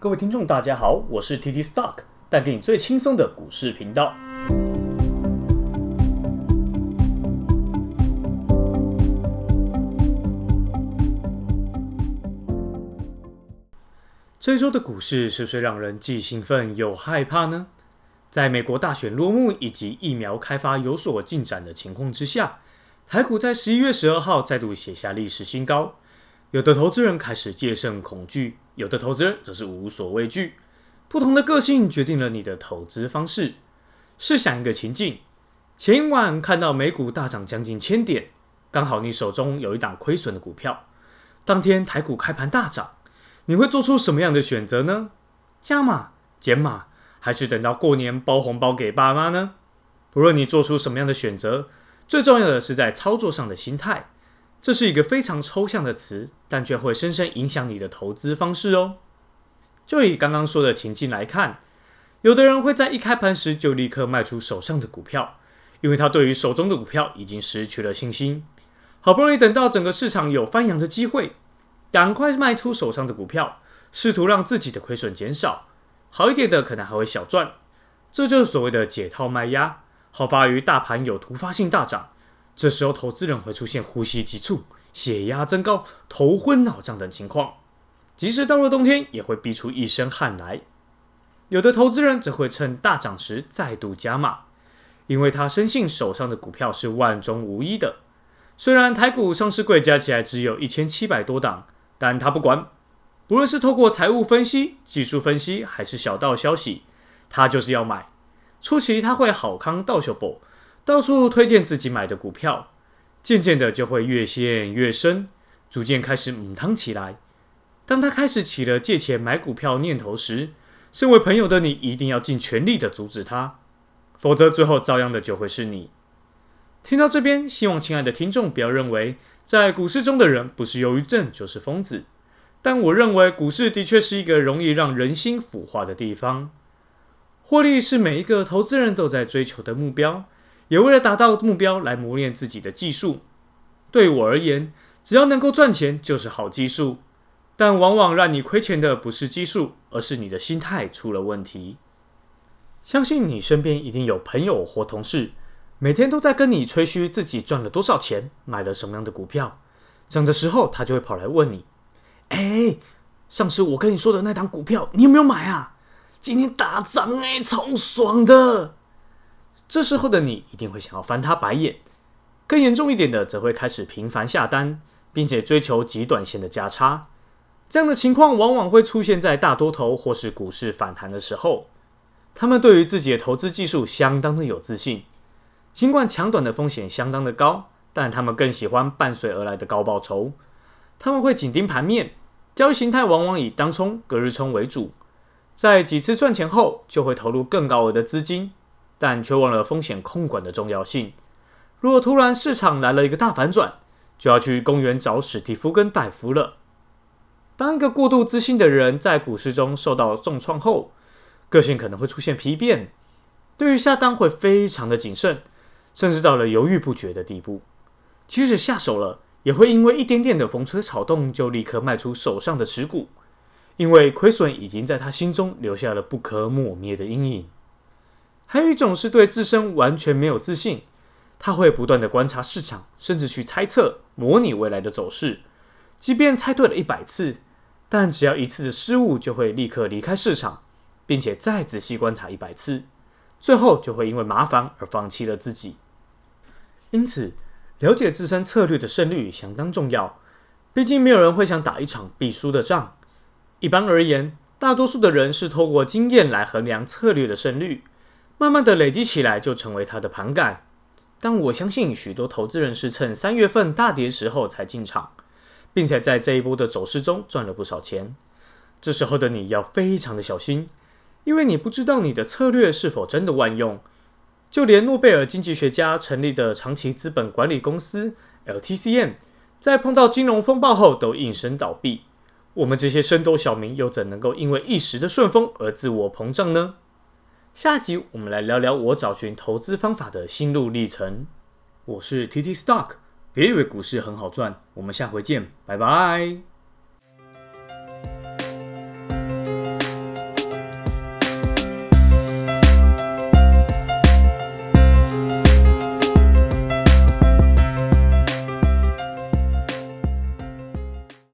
各位聽眾，大家好，我是 TT Stock，帶給你最輕鬆的股市頻道。這一周的股市是不是讓人既興奮又害怕呢？在美國大選落幕以及疫苗開發有所進展的情況之下，台股在十一月十二號再度寫下歷史新高。有的投資人開始戒慎恐懼，有的投資人則是無所畏懼。不同的個性決定了你的投資方式。試想一個情境：前一晚看到美股大漲將近千點，剛好你手中有一檔虧損的股票。當天台股開盤大漲，你會做出什麼樣的選擇呢？加碼、減碼，還是等到過年包紅包給爸媽呢？不論你做出什麼樣的選擇，最重要的是在操作上的心態。這是一個非常抽象的詞，但卻會深深影響你的投資方式哦！就以剛剛說的情境來看，有的人會在一開盤時就立刻賣出手上的股票，因為他對於手中的股票已經失去了信心。好不容易等到整個市場有翻揚的機會，趕快賣出手上的股票，試圖讓自己的虧損減少。好一點的，可能還會小賺。這就是所謂的解套賣壓，好發於大盤有突發性大漲。這時候，投資人會出現呼吸急促、血壓增高、頭昏腦脹等情況。即使到了冬天，也會逼出一身汗來。有的投資人則會趁大漲時再度加碼，因為他深信手上的股票是萬中無一的。雖然台股上市櫃加起來只有一千七百多檔，但他不管。無論是透過財務分析、技術分析，還是小道消息，他就是要買。初期他會好康逗相報。到處推薦自己買的股票，漸漸的就會越陷越深，逐漸開始捂、嗯、湯起來。當他開始起了借錢買股票念頭時，身為朋友的你一定要盡全力的阻止他，否則最後遭殃的，就會是你。聽到這邊，希望親愛的聽眾不要認為在股市中的人不是憂鬱症就是瘋子，但我認為股市的確是一個容易讓人心腐化的地方。獲利是每一個投資人都在追求的目標。也為了達到目標來磨練自己的技術。對我而言，只要能夠賺錢就是好技術。但往往讓你虧錢的不是技術，而是你的心態出了問題。相信你身邊一定有朋友或同事，每天都在跟你吹噓自己賺了多少錢，買了什麼樣的股票。漲的時候，他就會跑來問你：“哎，上次我跟你說的那檔股票，你有沒有買啊？今天大漲，哎，超爽的。”這時候的你一定會想要翻他白眼，更嚴重一點的則會開始頻繁下單，並且追求極短線的價差。這樣的情況往往會出現在大多頭或是股市反彈的時候。他們對於自己的投資技術相當的有自信，儘管搶短的風險相當的高，但他們更喜歡伴隨而來的高報酬。他們會緊盯盤面，交易形態往往以當沖、隔日沖為主。在幾次賺錢後，就會投入更高額的資金。但卻忘了風險控管的重要性。如果突然市場來了一個大反轉，就要去公園找史蒂夫跟戴夫了。當一個過度自信的人在股市中受到重創後，個性可能會出現丕變，對於下單會非常的謹慎，甚至到了猶豫不決的地步。即使下手了，也會因為一點點的風吹草動就立刻賣出手上的持股，因為虧損已經在他心中留下了不可磨滅的陰影。還有一種是對自身完全沒有自信，他會不斷地觀察市場，甚至去猜測、模擬未來的走勢。即便猜對了一百次，但只要一次的失誤，就會立刻離開市場，並且再仔細觀察一百次，最後就會因為麻煩而放棄了自己。因此，了解自身策略的勝率相當重要。畢竟，沒有人會想打一場必輸的仗。一般而言，大多數的人是透過經驗來衡量策略的勝率。慢慢的累積起來，就成為他的盤感。但我相信許多投資人是趁三月份大跌時候才進場，並且在這一波的走勢中賺了不少錢。這時候的你要非常的小心，因為你不知道你的策略是否真的萬用。就連諾貝爾經濟學家成立的長期資本管理公司 LTCM，在碰到金融風暴後都應聲倒閉。我們這些升斗小民又怎能夠因為一時的順風而自我膨脹呢？下一集我們來聊聊我找尋投資方法的心路歷程。我是 TT Stock，別以為股市很好賺。我們下回見，拜拜。